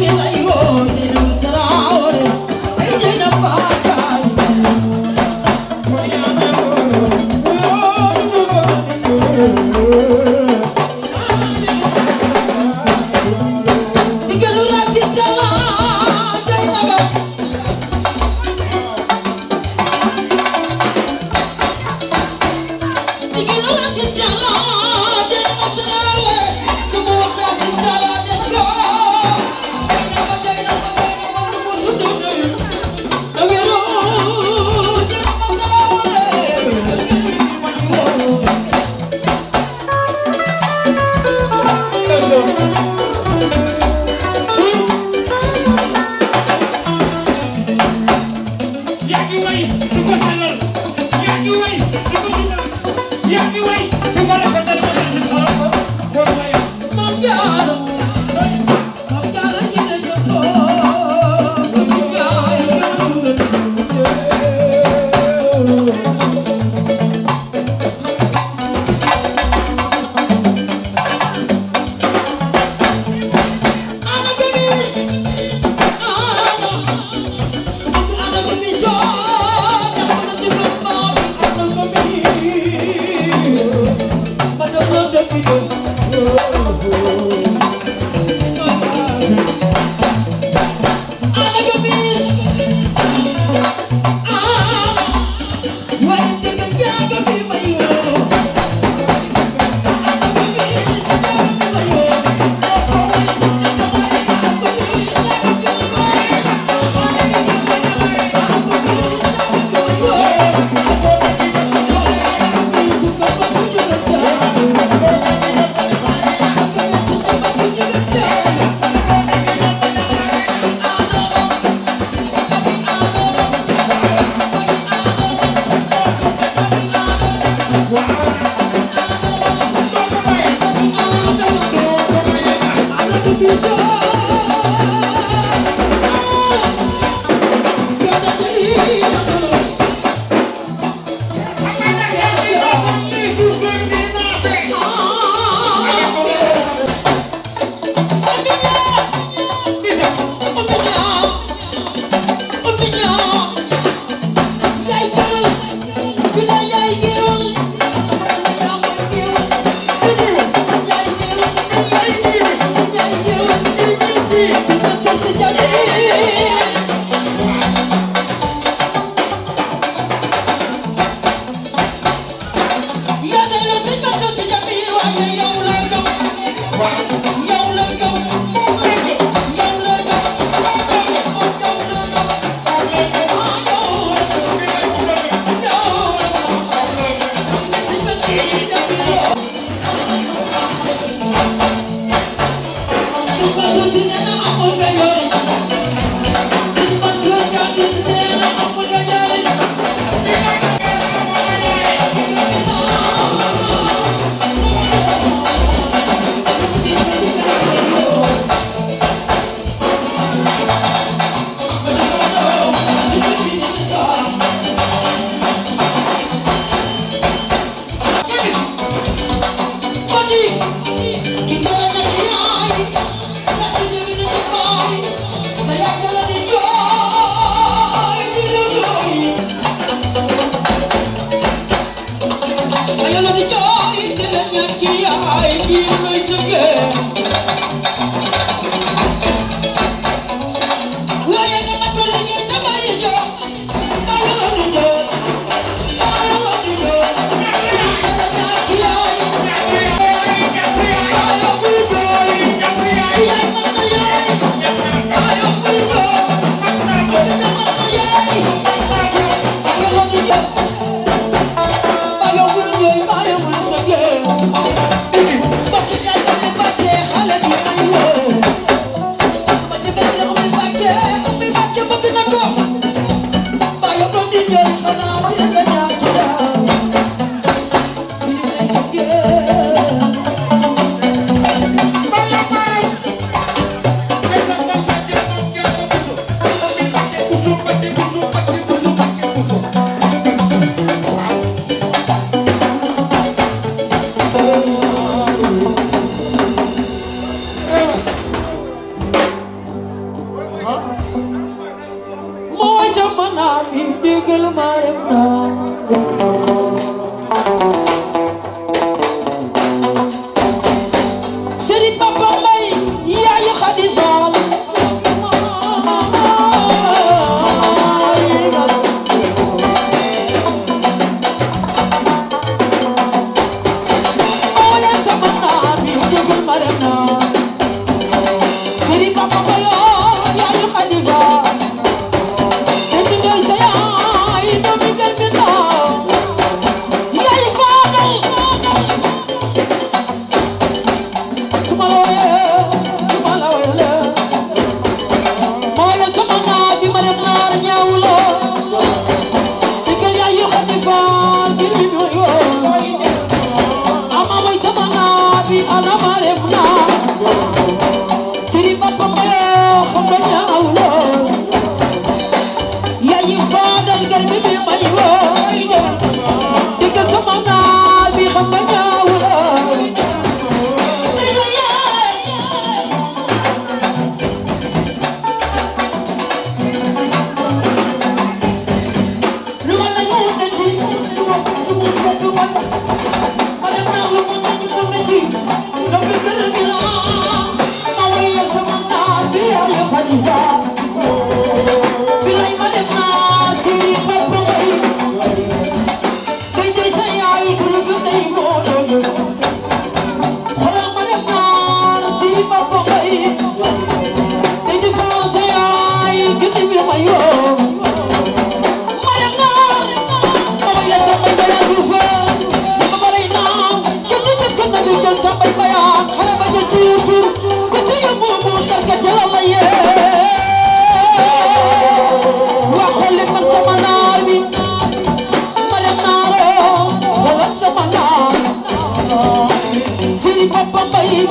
ñi lay woo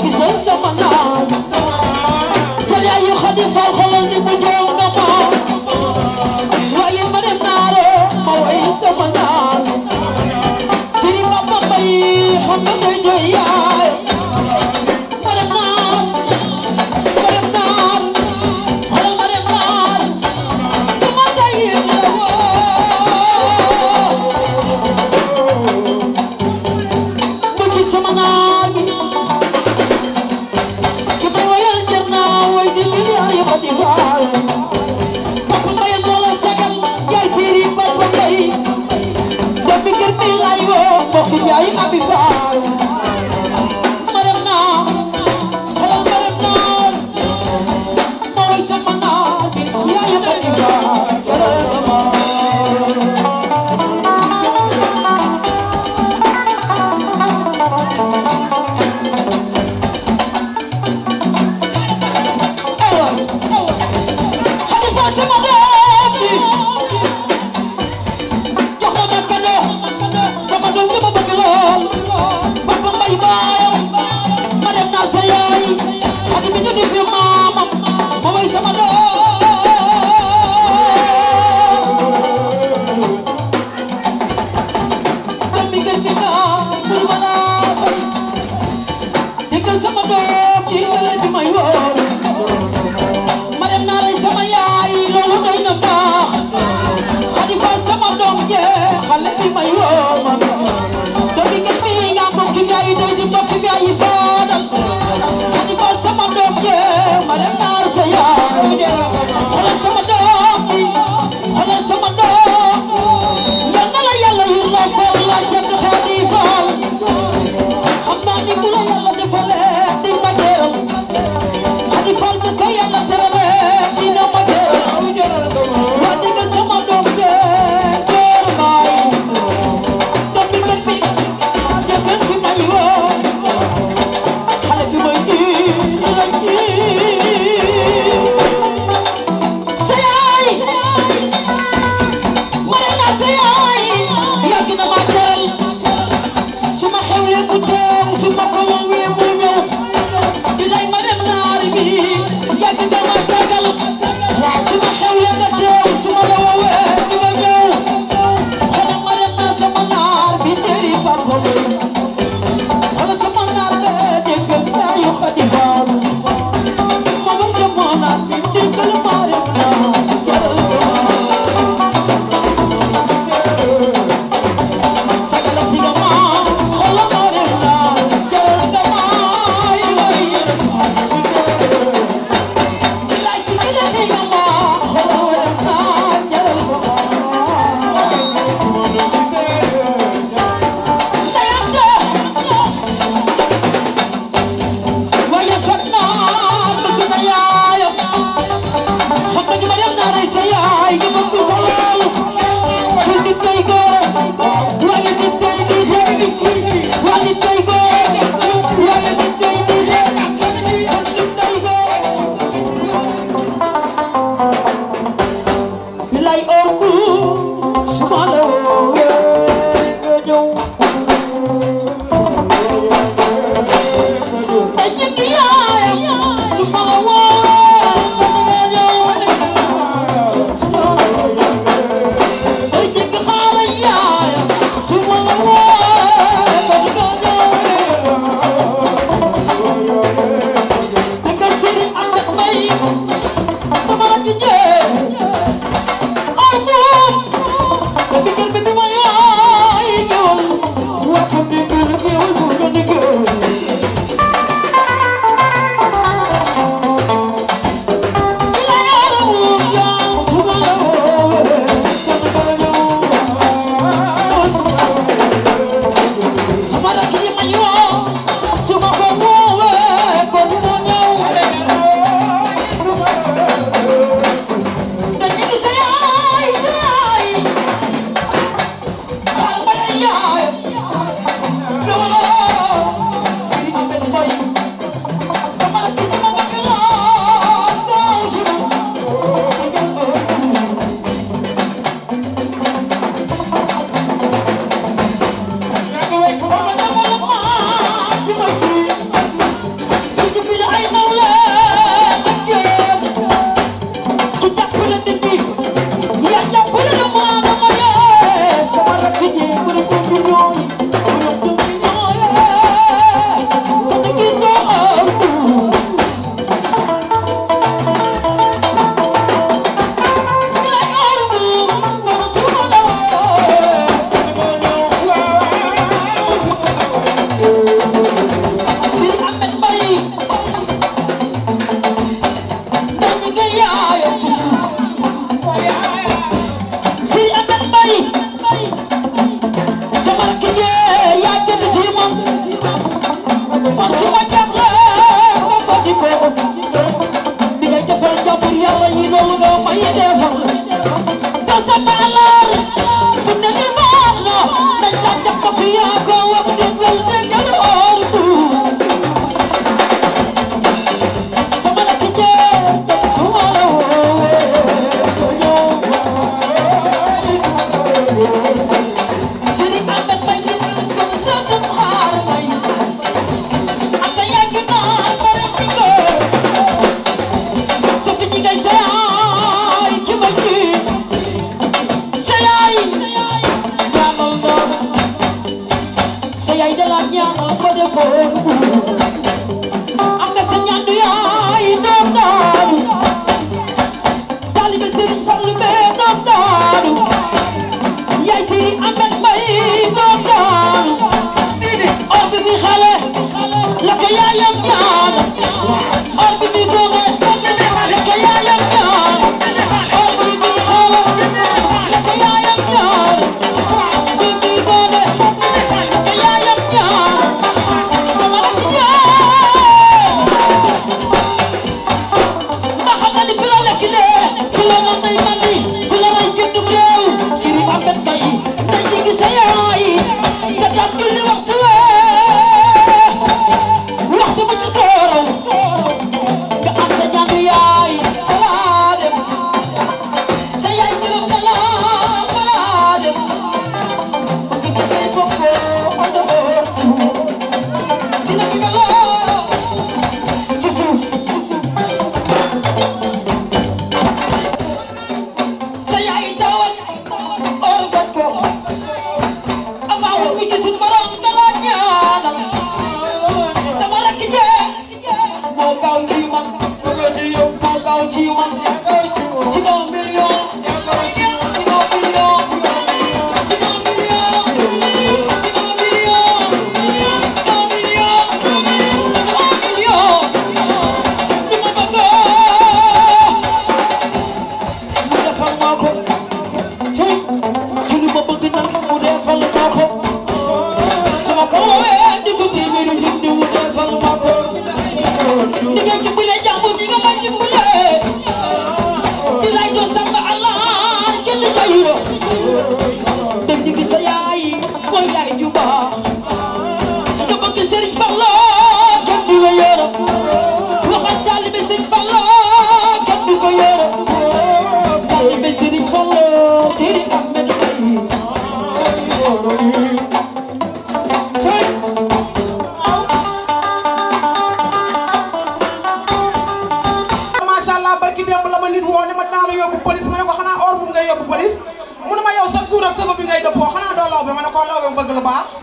Because I'm mbokk Njaay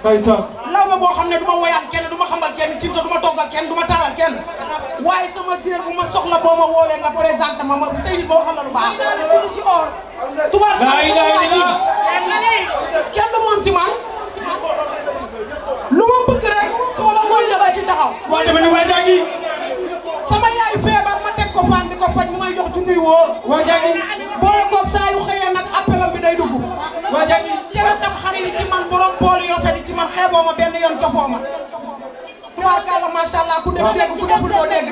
law ma boo xam ne du ma woyaan kenn du ma xamal kenn ci te du ma toggal kenn du ma a kenn waaye sama géer bu ma soxla boo ma woowee nga présenté ma ma kenn du moom ci man lu ma bëgg rek su ma ngoon dama ci taxaw sama yaay feebar ma teg ko fan di ko faj mu may jox ci nuy wóor waa jàngi boolu yoo fedi ci man xeeboo ma benn yoon jofoo ma tubaarkàlla macha ku def dégg ku deful doo dégg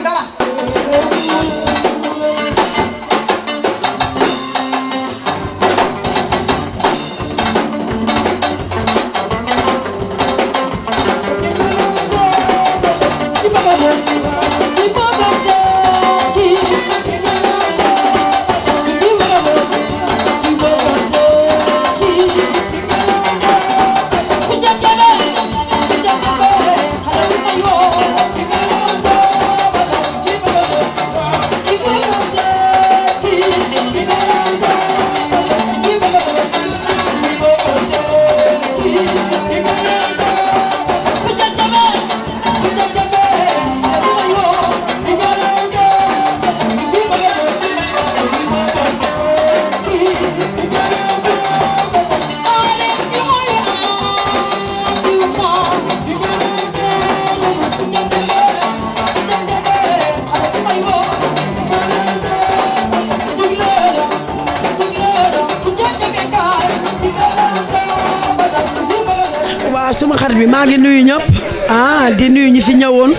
bi maa ngi nuyu ñëpp ah di nuyu ñi fi ñëwoon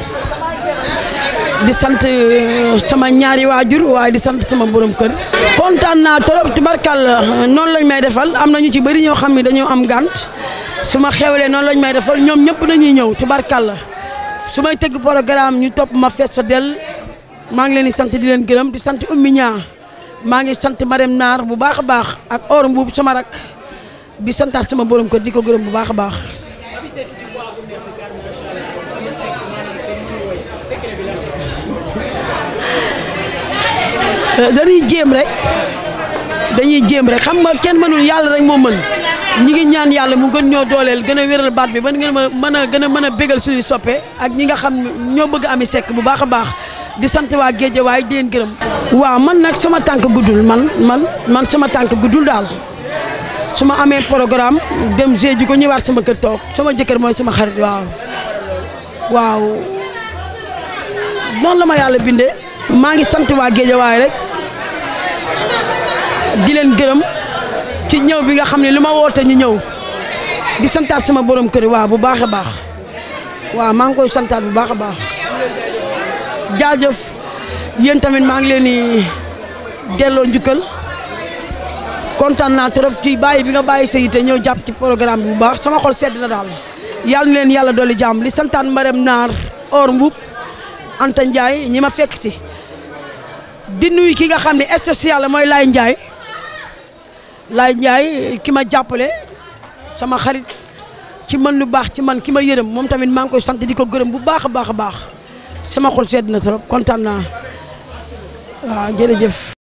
di sant euh, sama ñaari waajur waaye di sant sama borom kër kontaan naa trop tubarkàlla noonu lañ may defal am na ñu ci bëri ñoo xam ne dañoo am gànt su ma xewlee noonu lañ may defal ñoom ñëpp dañuy ñëw tubarkàlla su may tëgg programme ñu topp ma fees fa del maa ngi leen di sant di leen gërëm di sant Oumy Niang maa ngi sant Marème Naar bu baax a baax ak Or Mbuub sama rak bi santaat sama borom kër di ko gërëm bu baax a baax Seck ci euh, jéem rek dañuy jéem rek xam nga kenn mënul yàlla rek moo mën ñi ngi ñaan yàlla mu gën ñoo dooleel gën a wéral baat bi ban ngeen ma mën a gën a mën a bégal suñuy soppe ak ñi nga xam ñoo bëgg Ami Seck bu baax a baax di sant waa Géejawaay di leen gërëm. waaw man nag sama tànk guddul man man man sama tànk guddul daal. su ma amee programme dem géej ji ko ñëwaat sama kër toog sama jëkkër mooy sama xarit waaw waaw noonu la ma yàlla bindee maa ngi sant waa Géejawaay rek di leen gërëm ci ñëw bi nga xam ne lu ma woote ñu ñëw di santaat sama borom kër waaw bu baax a baax waaw maa ngi koy santaat bu baax a baax jaajëf yéen tamit maa ngi leen di delloo njukkal. kontaan naa trop ci bàyyi bi nga bàyyi sa yite ñëw jàpp ci programme bi bu baax sama xol sedd na daal yàlla na leen yàlla dolli jàmm li santaan Marème Naar Or Mboup Anta Ndiaye ñi ma fekk si di nuyu ki nga xam ne spécial la mooy Laye Ndiaye Laye njaay ki ma jàppale sama xarit ci man lu baax ci man ki ma yërëm moom tamit maa ngi koy sant di ko gërëm bu baax a baax a baax sama xol sedd na trop kontaan naa waaw jërëjëf.